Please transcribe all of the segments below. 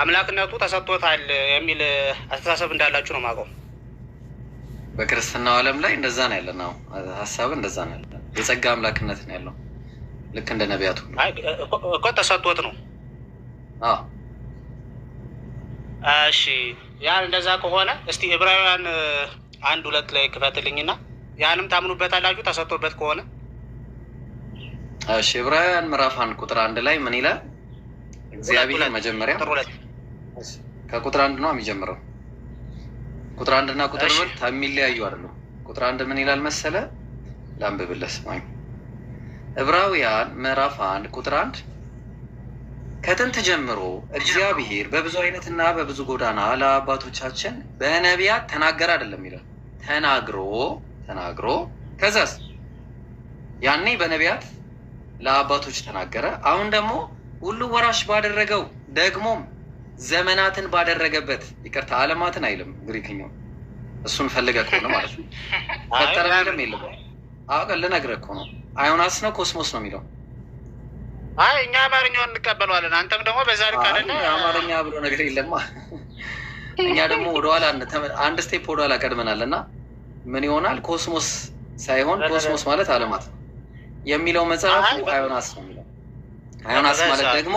አምላክነቱ ተሰጥቶታል የሚል አስተሳሰብ እንዳላችሁ ነው የማውቀው። በክርስትናው ዓለም ላይ እንደዛ ነው ያለን። አሁን ሀሳብ እንደዛ ነው ያለን። የጸጋ አምላክነት ነው ያለው ልክ እንደ ነቢያቱ እኮ ተሰጥቶት ነው። እሺ ያን እንደዛ ከሆነ እስቲ ዕብራውያን አንድ ሁለት ላይ ክፈትልኝና ያንም ታምኑበታላችሁ ተሰጥቶበት ከሆነ እሺ። ዕብራውያን ምዕራፍ አንድ ቁጥር አንድ ላይ ምን ይላል? እግዚአብሔር መጀመሪያ ከቁጥር አንድ ነው የሚጀምረው። ቁጥር አንድ እና ቁጥር ሁለት የሚለያዩ አይደለም። ቁጥር አንድ ምን ይላል መሰለ? ላንብብለስ ማኝ ዕብራውያን ምዕራፍ አንድ ቁጥር አንድ ከጥንት ጀምሮ እግዚአብሔር በብዙ አይነትና በብዙ ጎዳና ለአባቶቻችን በነቢያት ተናገረ አይደለም ይላል። ተናግሮ ተናግሮ ከዛስ ያኔ በነቢያት ለአባቶች ተናገረ። አሁን ደግሞ ሁሉ ወራሽ ባደረገው ደግሞም ዘመናትን ባደረገበት ይቅርታ፣ አለማትን አይልም ግሪክኛው። እሱን ፈልገ ከሆነ ማለት ነው ፈጠረ ሚልም የለም። አሁን ልነግርህ እኮ ነው። አዮናስ ነው ኮስሞስ ነው የሚለው። አይ እኛ አማርኛውን እንቀበለዋለን። አንተም ደግሞ በዛ ልክ አለ። አማርኛ ብሎ ነገር የለማ። እኛ ደግሞ ወደኋላ አንድ ስቴፕ ወደኋላ ቀድመናል። እና ምን ይሆናል? ኮስሞስ ሳይሆን ኮስሞስ ማለት አለማት ነው የሚለው መጽሐፉ አዮናስ ነው የሚለው። አዮናስ ማለት ደግሞ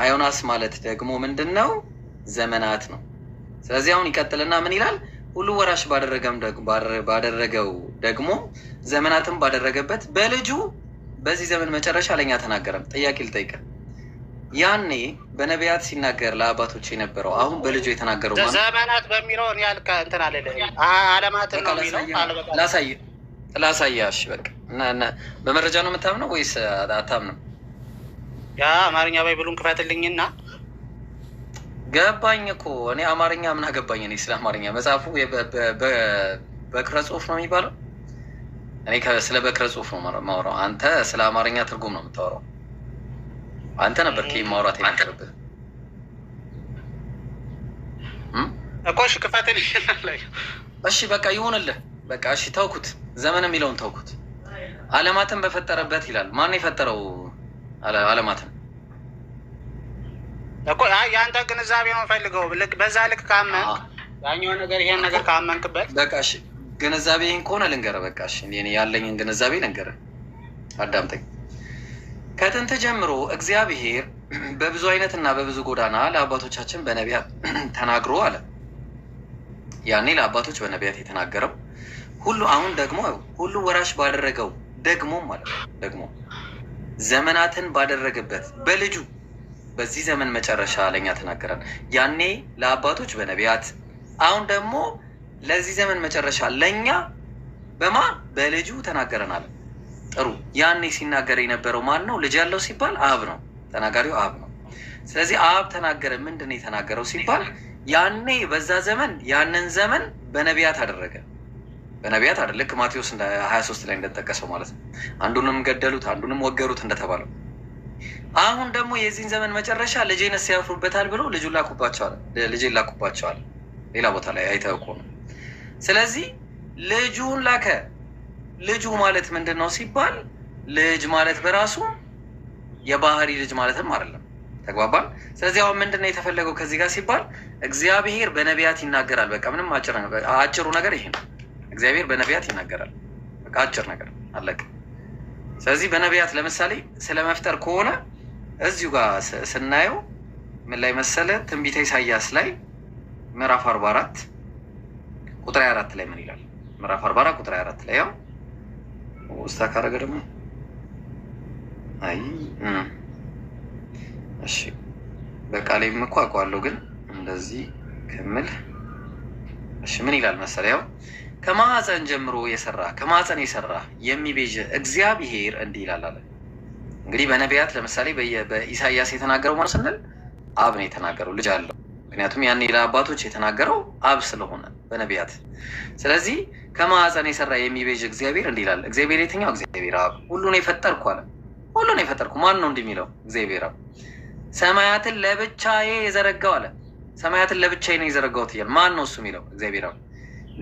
አዮናስ ማለት ደግሞ ምንድን ነው? ዘመናት ነው። ስለዚህ አሁን ይቀጥልና ምን ይላል? ሁሉ ወራሽ ባደረገው ደግሞ ዘመናትን ባደረገበት በልጁ በዚህ ዘመን መጨረሻ ለኛ ተናገረም። ጥያቄ ልጠይቅ። ያኔ በነቢያት ሲናገር ለአባቶች የነበረው አሁን በልጁ የተናገረው ዘመናት በሚለው ያልከ እንትን አለ ነው ላሳይ ላሳያሽ። በቃ በመረጃ ነው የምታምነው ወይስ አታምነው? ያ አማርኛ ባይብሉን ክፈትልኝና ገባኝ እኮ እኔ አማርኛ ምን አገባኝ? እኔ ስለ አማርኛ መጽሐፉ በክረ ጽሁፍ ነው የሚባለው። እኔ ስለ በክረ ጽሁፍ ነው ማውራው። አንተ ስለ አማርኛ ትርጉም ነው የምታወራው። አንተ ነበር ከ ማውራት የነበረብህ እኮ። እሺ ክፈትልኝ። እሺ በቃ ይሁንልህ። በቃ እሺ ተውኩት። ዘመን የሚለውን ተውኩት። አለማትን በፈጠረበት ይላል። ማን የፈጠረው? አለማትም እኮ የአንተ ግንዛቤ ነው ፈልገው በዛ ልክ ካመንክ ያኛው ነገር ይሄን ነገር ካመንክበት በቃ እሺ፣ ግንዛቤህን ከሆነ ልንገረ በቃ እሺ፣ እኔ ያለኝን ግንዛቤ ልንገርህ፣ አዳምጠኝ። ከጥንት ጀምሮ እግዚአብሔር በብዙ አይነትና በብዙ ጎዳና ለአባቶቻችን በነቢያት ተናግሮ አለ። ያኔ ለአባቶች በነቢያት የተናገረው ሁሉ አሁን ደግሞ ሁሉ ወራሽ ባደረገው ደግሞም ማለት ነው ደግሞ ዘመናትን ባደረገበት በልጁ በዚህ ዘመን መጨረሻ ለኛ ተናገረን። ያኔ ለአባቶች በነቢያት አሁን ደግሞ ለዚህ ዘመን መጨረሻ ለእኛ በማ በልጁ ተናገረናል። ጥሩ ያኔ ሲናገር የነበረው ማን ነው? ልጅ ያለው ሲባል አብ ነው፣ ተናጋሪው አብ ነው። ስለዚህ አብ ተናገረ። ምንድን ነው የተናገረው ሲባል ያኔ በዛ ዘመን ያንን ዘመን በነቢያት አደረገ። በነቢያት አይደል? ልክ ማቴዎስ ሀያ ሶስት ላይ እንደተጠቀሰው ማለት ነው። አንዱንም ገደሉት፣ አንዱንም ወገሩት እንደተባለው አሁን ደግሞ የዚህን ዘመን መጨረሻ ልጄን ያፍሩበታል ብሎ ልጁ ላኩባቸዋል፣ ልጄን ላኩባቸዋል። ሌላ ቦታ ላይ አይተህ እኮ ነው። ስለዚህ ልጁን ላከ። ልጁ ማለት ምንድን ነው ሲባል ልጅ ማለት በራሱ የባህሪ ልጅ ማለትም አይደለም። ተግባባል። ስለዚህ አሁን ምንድን ነው የተፈለገው ከዚህ ጋር ሲባል እግዚአብሔር በነቢያት ይናገራል። በቃ ምንም አጭሩ ነገር ይሄ ነው። እግዚአብሔር በነቢያት ይናገራል። በቃ አጭር ነገር አለቀ። ስለዚህ በነቢያት ለምሳሌ ስለ መፍጠር ከሆነ እዚሁ ጋር ስናየው ምን ላይ መሰለ? ትንቢተ ኢሳያስ ላይ ምዕራፍ 44 ቁጥር አራት ላይ ምን ይላል? ምዕራፍ 44 ቁጥር አራት ላይ ያው ውስታ ካረገ ደግሞ አይ እሺ በቃ ላይ ምኳ የምኳቋለሁ ግን እንደዚህ ክምል እሺ ምን ይላል መሰለ ያው ከማህፀን ጀምሮ የሰራ ከማህፀን የሰራ የሚቤዥ እግዚአብሔር እንዲህ ይላል አለ። እንግዲህ በነቢያት ለምሳሌ በኢሳያስ የተናገረው ማለት ስንል አብ ነው የተናገረው፣ ልጅ አለው። ምክንያቱም ያኔ ለአባቶች የተናገረው አብ ስለሆነ በነቢያት። ስለዚህ ከማህፀን የሰራ የሚቤዥ እግዚአብሔር እንዲህ ይላል። እግዚአብሔር የትኛው? እግዚአብሔር አብ። ሁሉን የፈጠርኩ አለ። ሁሉን የፈጠርኩ ማን ነው እንደሚለው? እግዚአብሔር አብ። ሰማያትን ለብቻዬ የዘረጋው አለ። ሰማያትን ለብቻዬ ነው የዘረጋሁት እያል ማን ነው እሱ የሚለው? እግዚአብሔር አብ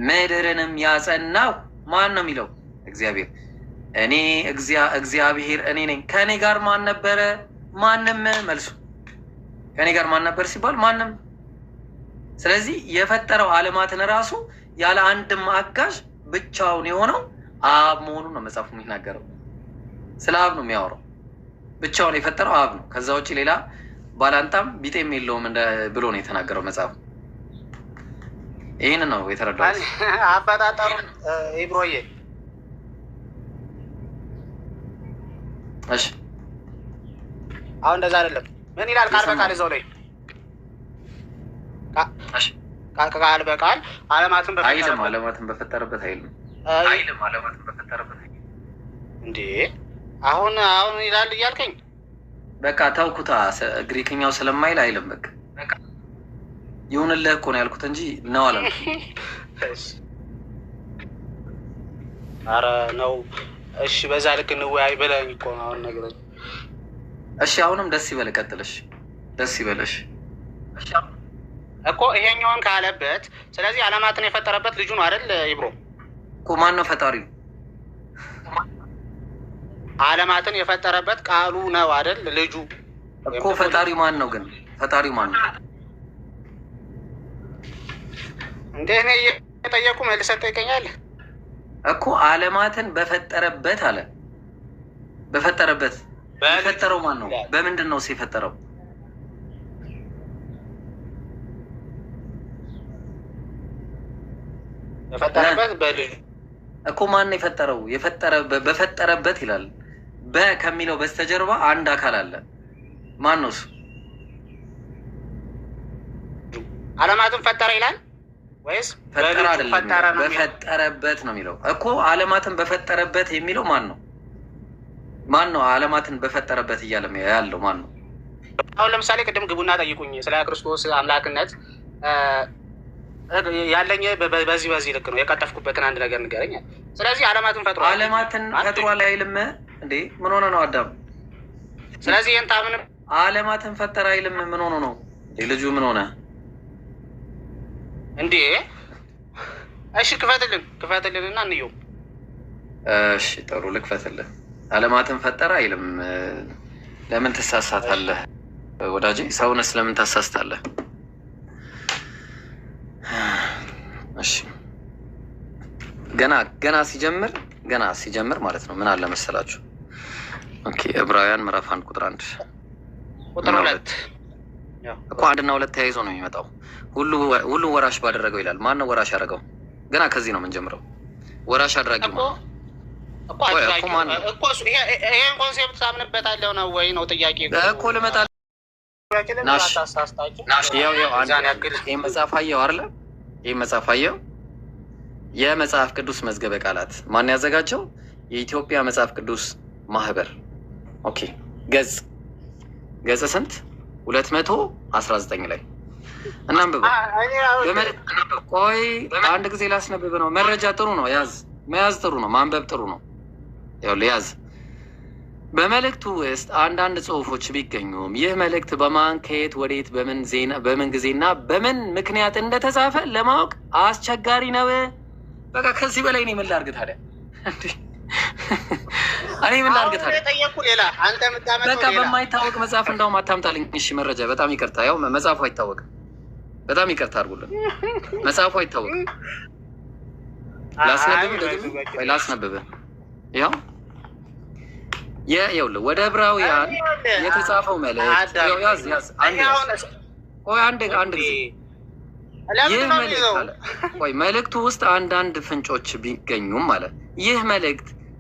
ምድርንም ያጸናው ማን ነው የሚለው እግዚአብሔር። እኔ እግዚአብሔር እኔ ነኝ። ከእኔ ጋር ማን ነበረ? ማንም። መልሱ ከእኔ ጋር ማን ነበር ሲባል ማንም። ስለዚህ የፈጠረው አለማትን ራሱ ያለ አንድም አጋዥ ብቻውን የሆነው አብ መሆኑን ነው መጽሐፉ የሚናገረው። ስለ አብ ነው የሚያወራው። ብቻውን የፈጠረው አብ ነው። ከዛ ውጭ ሌላ ባላንጣም ቢጤም የለውም ብሎ ነው የተናገረው መጽሐፉ። ይህን ነው የተረዳሁት። አበጣጠሩ ኢብሮዬ እሺ፣ አሁን እንደዛ አይደለም። ምን ይላል? ቃል በቃል እዛው ላይ ቃል በቃል አለማትን አይልም። አለማትን በፈጠረበት አይልም። አይልም። አለማትን በፈጠረበት እንዴ! አሁን አሁን ይላል እያልከኝ፣ በቃ ተውኩታ። ግሪክኛው ስለማይል አይልም። በቃ የሆነልህ እኮ ነው ያልኩት እንጂ ነው አለ። አረ ነው እሺ፣ በዛ ልክ እንወያይ ብለህ እኮ ነው አሁን ነግረኝ። እሺ፣ አሁንም ደስ ይበል፣ ቀጥለሽ ደስ ይበለሽ እኮ ይሄኛውን ካለበት። ስለዚህ አለማትን የፈጠረበት ልጁ ነው አይደል? ይብሮ እኮ ማን ነው ፈጣሪው? አለማትን የፈጠረበት ቃሉ ነው አይደል? ልጁ እኮ ፈጣሪው ማን ነው ግን? ፈጣሪው ማን ነው? እንደ እኔ እየጠየቁ መልሰህ ትጠይቀኛለህ እኮ አለማትን በፈጠረበት አለ በፈጠረበት የፈጠረው ማን ነው? በምንድን ነው የፈጠረው? እኮ ማን ነው የፈጠረው? በፈጠረበት ይላል። በ ከሚለው በስተጀርባ አንድ አካል አለ። ማን ነው እሱ? አለማትን ፈጠረ ይላል። ወይስ ፈጠረ አይደለም፣ በፈጠረበት ነው የሚለው እኮ። አለማትን በፈጠረበት የሚለው ማን ነው? ማን ነው? አለማትን በፈጠረበት እያለ ያለው ማን ነው? አሁን ለምሳሌ ቅድም ግቡና ጠይቁኝ ስለ ክርስቶስ አምላክነት ያለኝ በዚህ በዚህ ልክ ነው የቀጠፍኩበትን አንድ ነገር ንገረኝ። ስለዚህ አለማትን ፈጥሮ አለማትን ፈጥሯል አይልም እንዴ? ምን ሆነ ነው አዳም? ስለዚህ ይህን ታምንም አለማትን ፈጠረ አይልም። ምን ሆኖ ነው ልጁ? ምን ሆነ እንዴ? እሺ ክፈትልን፣ ክፈትልን እና እንየው። እሺ ጥሩ ልክፈትልን። አለማትን ፈጠረ አይልም። ለምን ትሳሳታለህ ወዳጄ? ሰውነስ ለምን ታሳስታለህ? እሺ ገና ገና ሲጀምር ገና ሲጀምር ማለት ነው ምን አለ መሰላችሁ? ኦኬ ዕብራውያን ምዕራፍ አንድ ቁጥር አንድ ቁጥር ሁለት እኮ አንድና ሁለት ተያይዞ ነው የሚመጣው። ሁሉ ወራሽ ባደረገው ይላል። ማን ነው ወራሽ ያደረገው? ገና ከዚህ ነው የምንጀምረው። ወራሽ አድራጊ ይሄን ኮንሴፕት ነው ወይ ነው ጥያቄ እኮ ልመጣ መጽሐፍ አየው የመጽሐፍ ቅዱስ መዝገበ ቃላት ማን ያዘጋጀው? የኢትዮጵያ መጽሐፍ ቅዱስ ማህበር ኦኬ። ገጽ ገጽ ስንት ሁለት መቶ አስራ ዘጠኝ ላይ እናንብበው። ቆይ አንድ ጊዜ ላስነብብ ነው። መረጃ ጥሩ ነው፣ ያዝ መያዝ ጥሩ ነው፣ ማንበብ ጥሩ ነው። ያው ያዝ። በመልእክቱ ውስጥ አንዳንድ ጽሁፎች ቢገኙም ይህ መልእክት በማን ከየት ወዴት በምን ጊዜና በምን ምክንያት እንደተጻፈ ለማወቅ አስቸጋሪ ነው። በቃ ከዚህ በላይ እኔ ምን ላድርግ ታዲያ? እኔ ምን ላድርግ ታዲያ በቃ በማይታወቅ መጽሐፍ እንዳውም አታምጣልኝ። እሺ መረጃ በጣም ይቅርታ፣ ያው መጽሐፉ አይታወቅም። በጣም ይቅርታ አድርጉልን፣ መጽሐፉ አይታወቅም። ላስነብብህ ላስነብብህ፣ ያው ይኸውልህ ወደ ዕብራውያን የተጻፈው መልእክት ያዝ ያዝ አንድ አንድ ጊዜ ይህ መልእክት አለ። መልእክቱ ውስጥ አንዳንድ ፍንጮች ቢገኙም ማለት ይህ መልእክት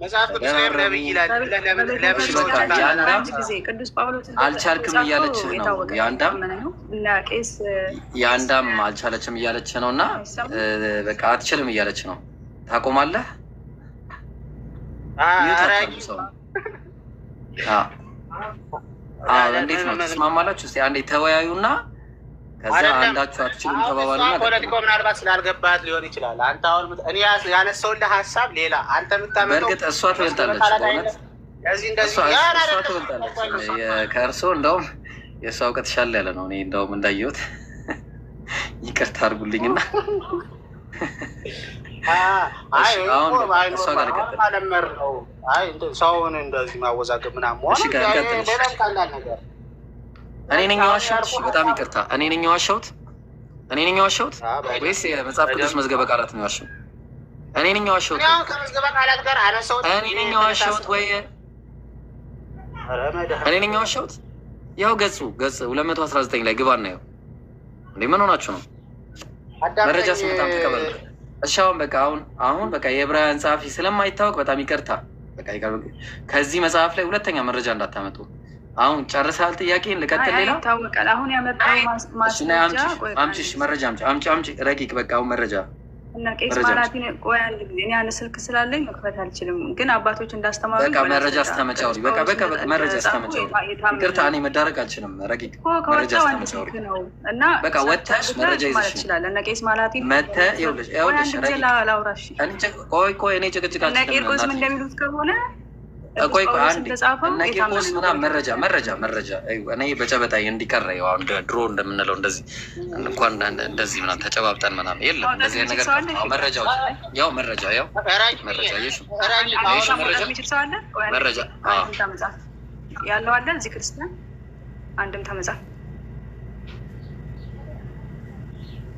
መጽሐፍ ቅዱስ ላይም ነብይ ይላል። ቅዱስ ጳውሎስ አልቻልክም እያለች ነው። የአንዳም የአንዳም አልቻለችም እያለች ነው። እና በቃ አትችልም እያለች ነው። ታቆማለህ። እንዴት ነው? ትስማማላችሁ? እስኪ አንዴ ተወያዩና ከዛ አንዳችሁ አትችሉም ተባባልና ፖለቲኮ ምናልባት ስላልገባት ሊሆን ይችላል። አንተ አሁን እኔ ያነሳሁልህ ሀሳብ ሌላ፣ አንተ የምታመጣው በእርግጥ እሷ ትበልጣለች፣ እሷ ትበልጣለች። ከእርስዎ እንደውም የእሷ እውቀት ሻል ያለ ነው። እኔ እንደውም እንዳየሁት ይቅርታ አድርጉልኝና ሰውን እንደዚህ ማወዛገብ ምናምን ሆን ሌላ ነገር እኔ ነኝ የዋሸሁት? በጣም ይቅርታ፣ እኔ ነኝ የዋሸሁት? እኔ ነኝ የዋሸሁት ወይስ የመጽሐፍ ቅዱስ መዝገበ ቃላት ነው ያሸው? እኔ ነኝ የዋሸሁት? እኔ ነኝ የዋሸሁት ወይ እኔ ነኝ የዋሸሁት? ያው ገጹ ገጽ ላይ ግባ እናየው። እንዴ ምን ሆናችሁ ነው? መረጃ ስምታም ተቀበል። እሺ አሁን በቃ አሁን አሁን በቃ የዕብራውያን ጸሐፊ ስለማይታወቅ በጣም ይቅርታ። በቃ ከዚህ መጽሐፍ ላይ ሁለተኛ መረጃ እንዳታመጡ አሁን ጨርሰሃል? ጥያቄ ልቀጥል። ሌላ ይታወቃል። አሁን ያመጣው መረጃ አምጪ አምጪ ረቂቅ በቃ አሁን መረጃ ስልክ ስላለኝ መክፈት አልችልም፣ ግን አባቶች እንዳስተማሩ መረጃ በቃ በቃ መረጃ ይቅርታ እኔ መዳረግ አልችልም። ረቂቅ መረጃ አስተመጫውሪ እና ወጥተሽ መረጃ ይዘሽ ይችላል ቄስ ማላቲን መተ ይኸውልሽ ይኸውልሽ ቆይ ቆይ እኔ ጭቅጭቃ እንደሚሉት ከሆነ ቆይ ቆይ አንዴ ቂርቆስ መረጃ መረጃ መረጃ እኔ በጨበጣ እንዲቀረ አሁን ድሮ እንደምንለው እንደዚህ እንኳን እንደዚህ ምናምን ተጨባብጠን ምናምን የለም እንደዚህ ነገር መረጃው ያው መረጃ ያው መረጃ ያለው አለ እዚህ ክርስቲያን አንድም ተመጻፍ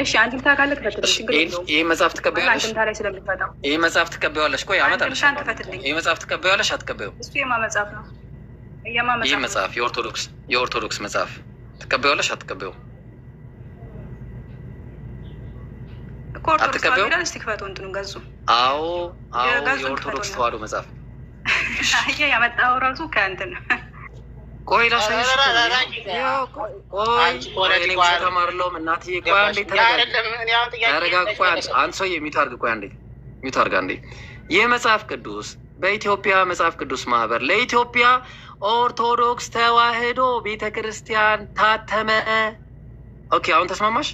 እሺ አንቺም ታውቃለህ፣ ክፈትልኝ። ችግር የለውም። ይሄ መጽሐፍ ትቀበያለሽ? ይሄ መጽሐፍ ትቀበያለሽ? ቆይ አመጣለሽ። ይሄ መጽሐፍ ትቀበያለሽ? አትቀበይውም? እሱ የማ መጽሐፍ ነው? የማ መጽሐፍ? ይሄ መጽሐፍ የኦርቶዶክስ የኦርቶዶክስ መጽሐፍ ትቀበያለሽ? አትቀበይውም? አትቀበይውም? እስኪ ክፈቱ ገዙ። አዎ፣ አዎ፣ የኦርቶዶክስ ተዋህዶ መጽሐፍ ያመጣው ራሱ ከእንትን ቆይ ላሳይሽ። ይህ መጽሐፍ ቅዱስ በኢትዮጵያ መጽሐፍ ቅዱስ ማህበር ለኢትዮጵያ ኦርቶዶክስ ተዋህዶ ቤተ ክርስቲያን ታተመ። ኦኬ፣ አሁን ተስማማሽ?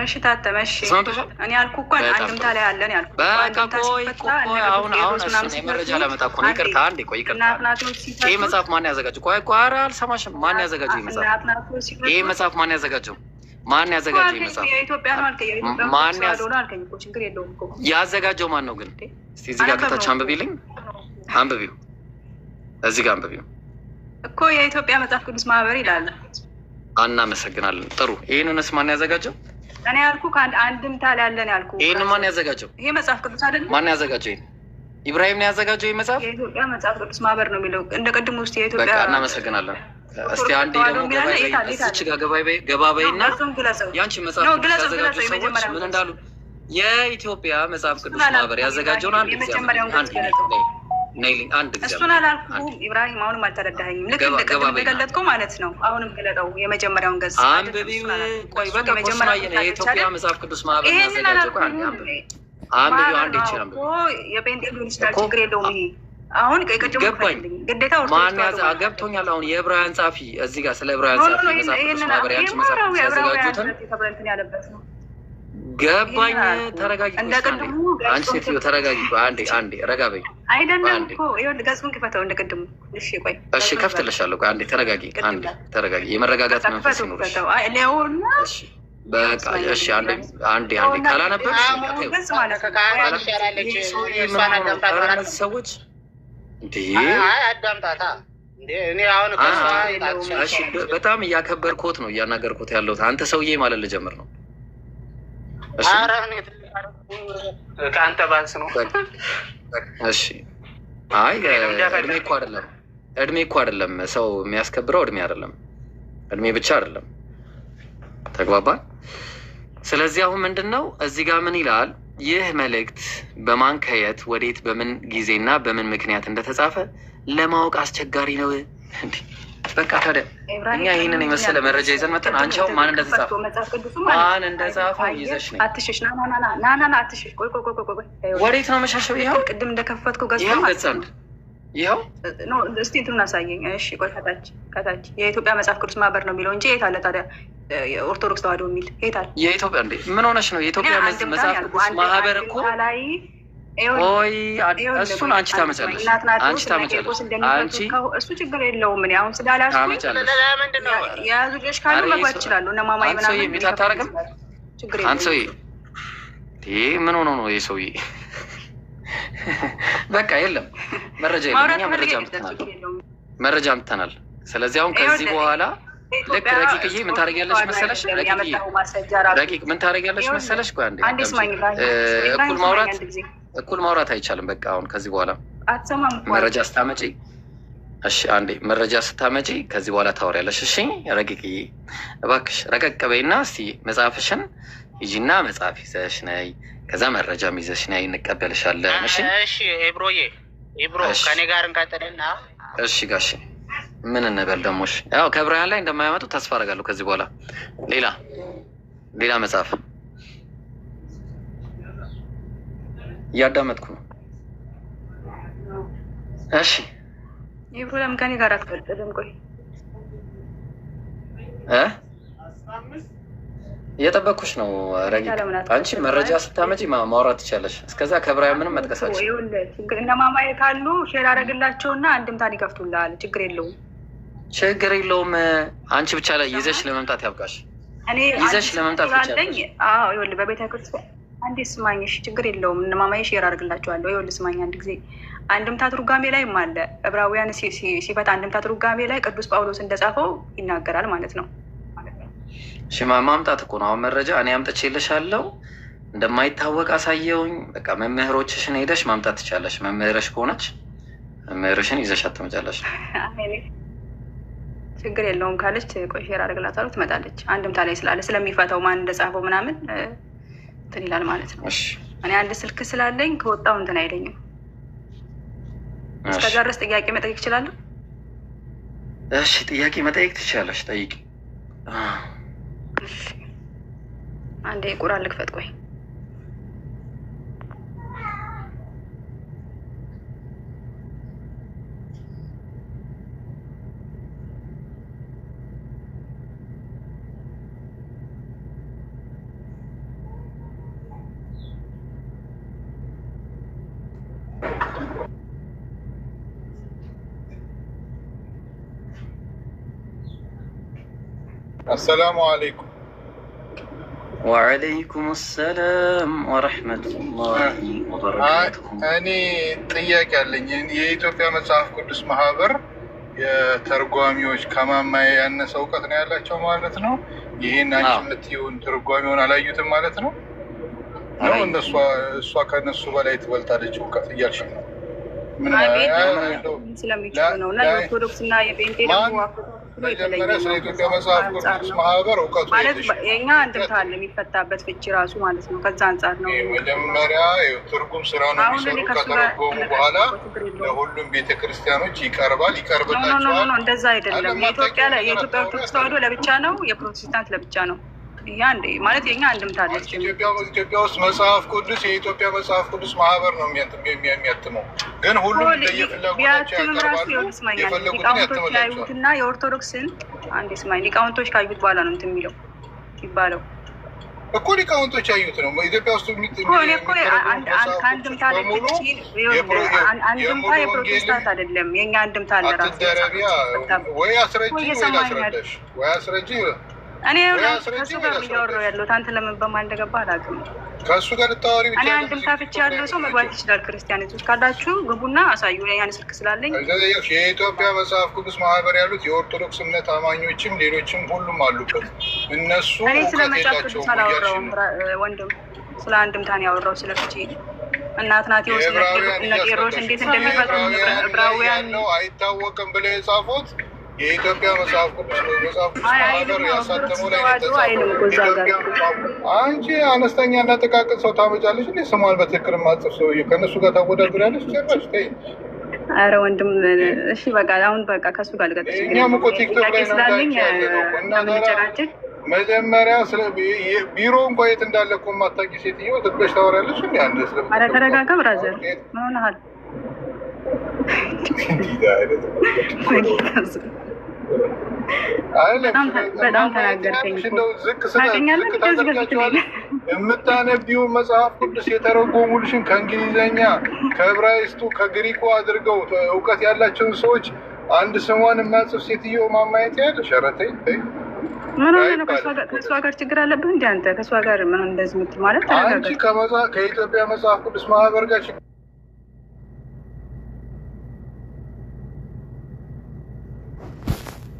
እሺ ታተመሽ እኔ ያልኩ እኮ አንድምታ ላይ አለን ያልኩ አሁን አሁን መረጃ ላመጣ እኮ ነው። ይቅርታ አንዴ ቆይ፣ ይቅርታ ይህ መጽሐፍ ማን ያዘጋጀው? ቆይ ቆይ፣ ኧረ አልሰማሽም። ማን ያዘጋጀው ይህ መጽሐፍ? ይህ መጽሐፍ ማን ያዘጋጀው? ማን ያዘጋጀው ይህ መጽሐፍ? ያዘጋጀው ማን ነው ግን? እስኪ እዚህ ጋር ከታች አንብቢልኝ፣ አንብቢው፣ እዚህ ጋር አንብቢው እኮ የኢትዮጵያ መጽሐፍ ቅዱስ ማህበር ይላል። እናመሰግናለን። ጥሩ፣ ይህንንስ ማን ያዘጋጀው? እኔ ያልኩ አንድምታ ላይ ያለን ያልኩ። ይህን ማን ያዘጋጀው? ይሄ መጽሐፍ ቅዱስ አይደለም። ማን ያዘጋጀው? ይሄን ኢብራሂም ነው ያዘጋጀው። ይህ መጽሐፍ የኢትዮጵያ መጽሐፍ ቅዱስ ማህበር ነው የሚለው እንደ ቅድም ውስጥ የኢትዮጵያ በቃ እናመሰግናለን። እስቲ አንዴ ደግሞ ገባበይች ጋር ገባበይና ያንቺ መጽሐፍ ቅዱስ ያዘጋጁ ሰዎች ምን እንዳሉ የኢትዮጵያ መጽሐፍ ቅዱስ ማህበር ያዘጋጀውን አንድ ጊዜ ነይልኝ አንድ ጊዜ። እሱን አላልኩም ኢብራሂም፣ አሁንም አልተረዳኸኝም። ልክ እንደገለጥከው ማለት ነው። አሁንም ገለጠው የመጀመሪያውን ገጽ የኢትዮጵያ መጽሐፍ ቅዱስ ማህበር የጴንጤ ሊሆን ይችላል፣ ችግር የለውም። ይሄ አሁን ግዴታ ገብቶኛል። አሁን የዕብራውያን ጻፊ እዚህ ጋር ስለ ዕብራውያን ጻፊ መጽሐፍ መጽሐፍ ያዘጋጁትን ገባኝ። እንደ ቅድሙ አንቺ ሴትዮ ተረጋጊ። አንዴ አንዴ ረጋ በይ። አይደለም እኮ ይኸውልህ፣ ገጹን ክፈተው እንደ ቅድሙ። እሺ ቆይ፣ እሺ ከፍትልሻለሁ። ቆይ አንዴ ተረጋጊ፣ አንዴ ተረጋጊ። የመረጋጋት መንፈስ ይኑርሽ። በቃ እሺ፣ አንዴ አንዴ ካላነበብሽ ሰዎች እንዴ አዳምጣታ በጣም እያከበርኮት ነው እያናገርኮት ያለሁት አንተ ሰውዬ ማለት ልጀምር ነው። ከአንተ ባንስ ነው። አይ እድሜ እኮ አይደለም እድሜ እኮ አይደለም ሰው የሚያስከብረው እድሜ አይደለም እድሜ ብቻ አይደለም። ተግባባል። ስለዚህ አሁን ምንድን ነው እዚህ ጋር ምን ይላል? ይህ መልእክት በማን ከየት ወዴት በምን ጊዜና በምን ምክንያት እንደተጻፈ ለማወቅ አስቸጋሪ ነው። በቃ ታዲያ እኛ ይህንን የመሰለ መረጃ ይዘን መጠን አንቻው ማን እንደተጻፈ ማን እንደጻፈ ይዘሽ ነው። አትሽሽ ናናና አትሽሽ። ቆይ ቆይ ቆይ፣ ወዴት ነው መሻሸው? ይኸው ቅድም እንደከፈትኩ ገጽ ይኸው ገጽ አንድ ይኸው እስቲ እንትኑን አሳየኝ። እሺ ቆይ ከታች ከታች የኢትዮጵያ መጽሐፍ ቅዱስ ማህበር ነው የሚለው እንጂ የት አለ ታዲያ ኦርቶዶክስ ተዋህዶ የሚል የት አለ? የኢትዮጵያ እንዴ ምን ሆነሽ ነው? የኢትዮጵያ መጽሐፍ ቅዱስ ማህበር እኮ ላይ ኦይ እሱን አንቺ ታመጫለሽ፣ አንቺ ታመጫለሽ። አንቺ እሱ ችግር የለውም። እኔ አሁን ስላላስኩኝ የያዙ ልጆች ካሉ መግባት አንተ ሰውዬ ምን ሆኖ ነው ይህ ሰውዬ? በቃ የለም መረጃ መረጃ ምትናል፣ ስለዚህ አሁን ከዚህ በኋላ ልክ ረቂቅዬ ምን ታደርጊያለሽ መሰለሽ? ረቂቅ ምን ታደርጊያለሽ መሰለሽ? አንዴ እኩል ማውራት እኩል ማውራት አይቻልም። በቃ አሁን ከዚህ በኋላ መረጃ ስታመጪ እሺ፣ አንዴ መረጃ ስታመጪ ከዚህ በኋላ ታወሪያለሽ። እሺ ረቂቅዬ፣ እባክሽ ረቀቅ በይና እስቲ መጽሐፍሽን ይጂና መጽሐፍ ይዘሽ ነይ፣ ከዛ መረጃም ይዘሽ ነይ፣ እንቀበልሻለን። እሺ ኤብሮዬ፣ ኤብሮ ከኔ ጋር እንቀጥልና እሺ ጋሽ ምን እንበል ደሞሽ፣ ያው ከብርሃን ላይ እንደማያመጡ ተስፋ አደርጋለሁ። ከዚህ በኋላ ሌላ ሌላ መጽሐፍ እያዳመጥኩ ነው። እሺ ይህ ፕሮግራም ከኔ ጋር አትፈልጥልም። ቆይ እየጠበኩሽ ነው ረቂቅ። አንቺ መረጃ ስታመጪ ማውራት ትቻለሽ። እስከዛ ከብራዊ ምንም መጥቀሳቸው እነ ማማዬ ካሉ ሼር አደረግላቸውና አንድምታን ይከፍቱላል። ችግር የለውም፣ ችግር የለውም። አንቺ ብቻ ላይ ይዘሽ ለመምጣት ያብቃሽ። ይዘሽ ለመምጣት ብቻ ይኸውልህ በቤተ ክርስቲያን አንዴ ስማኝ፣ ችግር የለውም። እነማማዬ ሼር አድርግላቸዋለሁ። ይኸውልህ ስማኝ፣ አንድ ጊዜ አንድምታ ትርጓሜ ላይም አለ ዕብራውያን ሲፈታ አንድምታ ትርጓሜ ላይ ቅዱስ ጳውሎስ እንደጻፈው ይናገራል ማለት ነው። ሽማ ማምጣት እኮ ነው። አሁን መረጃ እኔ አምጥቼልሻለሁ እንደማይታወቅ አሳየውኝ። በቃ መምህሮችሽን ሄደሽ ማምጣት ትቻለሽ። መምህረሽ ከሆነች መምህርሽን ይዘሽ አትመጫለሽ። ችግር የለውም ካለች ቆይ ሼር አድርግላታለሁ፣ ትመጣለች። አንድምታ ላይ ስላለ ስለሚፈታው ማን እንደጻፈው ምናምን እንትን ይላል ማለት ነው። እኔ አንድ ስልክ ስላለኝ ከወጣው እንትን አይለኝም። እስከዛ ድረስ ጥያቄ መጠየቅ እችላለሁ። እሺ ጥያቄ መጠየቅ ትችላለች። ጠይቅ። አንዴ ቁራ ልክፈት። ቆይ አሰላሙ አለይኩም። ወአለይኩም ሰላም ወረህመቱላሂ ወበረካቱሁ። እኔ ጥያቄ አለኝ። የኢትዮጵያ መጽሐፍ ቅዱስ ማህበር የተርጓሚዎች ከማማ ያነሰ እውቀት ነው ያላቸው ማለት ነው። ይህን አንቺ የምትይውን ትርጓሚውን አላዩትም ማለት ነው ነው እነሷ እሷ ከነሱ በላይ ትበልጣለች እውቀት እያልሽ ነው? ስለሚችሉ ነው እና የኦርቶዶክስ እና የጴንጤ ደግሞ መጀመሪያ ማህበር እውቀቱ ማለት የኛ የሚፈታበት ፍቺ ራሱ ማለት ነው። ከዛ አንጻር ነው መጀመሪያ ትርጉም ስራ ነው የሚሰሩ። ከተረጎሙ በኋላ ለሁሉም ቤተክርስቲያኖች ይቀርባል፣ ይቀርብላቸዋል። እንደዛ አይደለም። የኢትዮጵያ ኦርቶዶክስ ተዋህዶ ለብቻ ነው፣ የፕሮቴስታንት ለብቻ ነው። ያ እንደ ማለት የኛ አንድምታ አለች። ኢትዮጵያ ውስጥ መጽሐፍ ቅዱስ የኢትዮጵያ መጽሐፍ ቅዱስ ማህበር ነው የሚያትመው፣ ግን ሁሉም ቢያትምም ራሱ ይስማኛል። ሊቃውንቶች ያዩትና የኦርቶዶክስን አንድ ይስማኝ ሊቃውንቶች ካዩት በኋላ ነው እንትን የሚለው ይባለው እኮ ሊቃውንቶች ያዩት ነው። ኢትዮጵያ ውስጥ ከአንድምታ አንድምታ የፕሮቴስታንት አይደለም። የእኛ አንድምታ አለ ራሱ ወይ አስረጅ ወይ አስረጅ እኔ ከሱ ጋር እያወራሁ ያለሁት አንተ ለምን በማን እንደገባ አላውቅም። ከሱ ጋር ልታወሪ ብቻ። እኔ አንድም ታፍቼ ያለው ሰው መግባት ይችላል። ክርስቲያኖች ካላችሁ ግቡና አሳዩ። ያን ስልክ ስላለኝ የኢትዮጵያ መጽሐፍ ቅዱስ ማህበር ያሉት የኦርቶዶክስ እምነት አማኞችም ሌሎችም ሁሉም አሉበት። እነሱ እኔ ስለ መጽሐፍ ቅዱስ አላወራሁም ወንድም፣ ስለ አንድምታ ነው ያወራሁት ስለ ፍቺ እናት ናት የወስ ነገሮች እንዴት እንደሚፈጥሩ ዕብራውያን ነው አይታወቅም ብለው የጻፉት የኢትዮጵያ መጽሐፍ ቅዱስ አነስተኛ እና ጥቃቅን ሰው ታመጫለች እ ስሟን በትክክል ማጽፍ ሰው ከእነሱ ጋር ታወዳድሪያለች። አረ ወንድም እሺ፣ በቃ አሁን በቃ ከሱ ጋር ልቀጥል። እኛም እኮ ቲክቶክ ላይ ስላለኝ ምንጨራጭቅ ቢሮ እንኳ የት እንዳለ እኮ የማታውቂ ሴትዮ ትብለሽ ታወሪያለሽ። እንዲ አንድ ስለ አረ ተረጋጋ ብራዘር መሆንሃል በጣም ተናገርከኝ። የምታነቢው መጽሐፍ ቅዱስ የተረጎሙልሽን ከእንግሊዘኛ ከዕብራይስጡ ከግሪኩ አድርገው እውቀት ያላቸውን ሰዎች አንድ ስሟን የማጽፍ ሴትዮ ማማየት ያለ ሸረተኝ ምን ሆነ ከእሷ ጋር ችግር አለብህ እንደ አንተ ከእሷ ጋር ምን እንደዚህ ምትል ማለት ተረጋጋ። ከኢትዮጵያ መጽሐፍ ቅዱስ ማህበር ጋር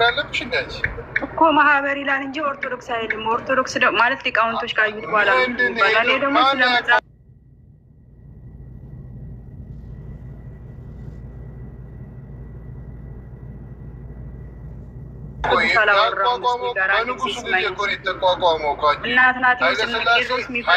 እንዳለብሽ እንዳይሽ እኮ ማህበር ይላል እንጂ ኦርቶዶክስ አይልም። ኦርቶዶክስ ማለት ሊቃውንቶች ካዩት በኋላ ይባላል። ደግሞ ስለመጣ ሳላወራ ጋር እናት ናት ቄሶስ የሚፈ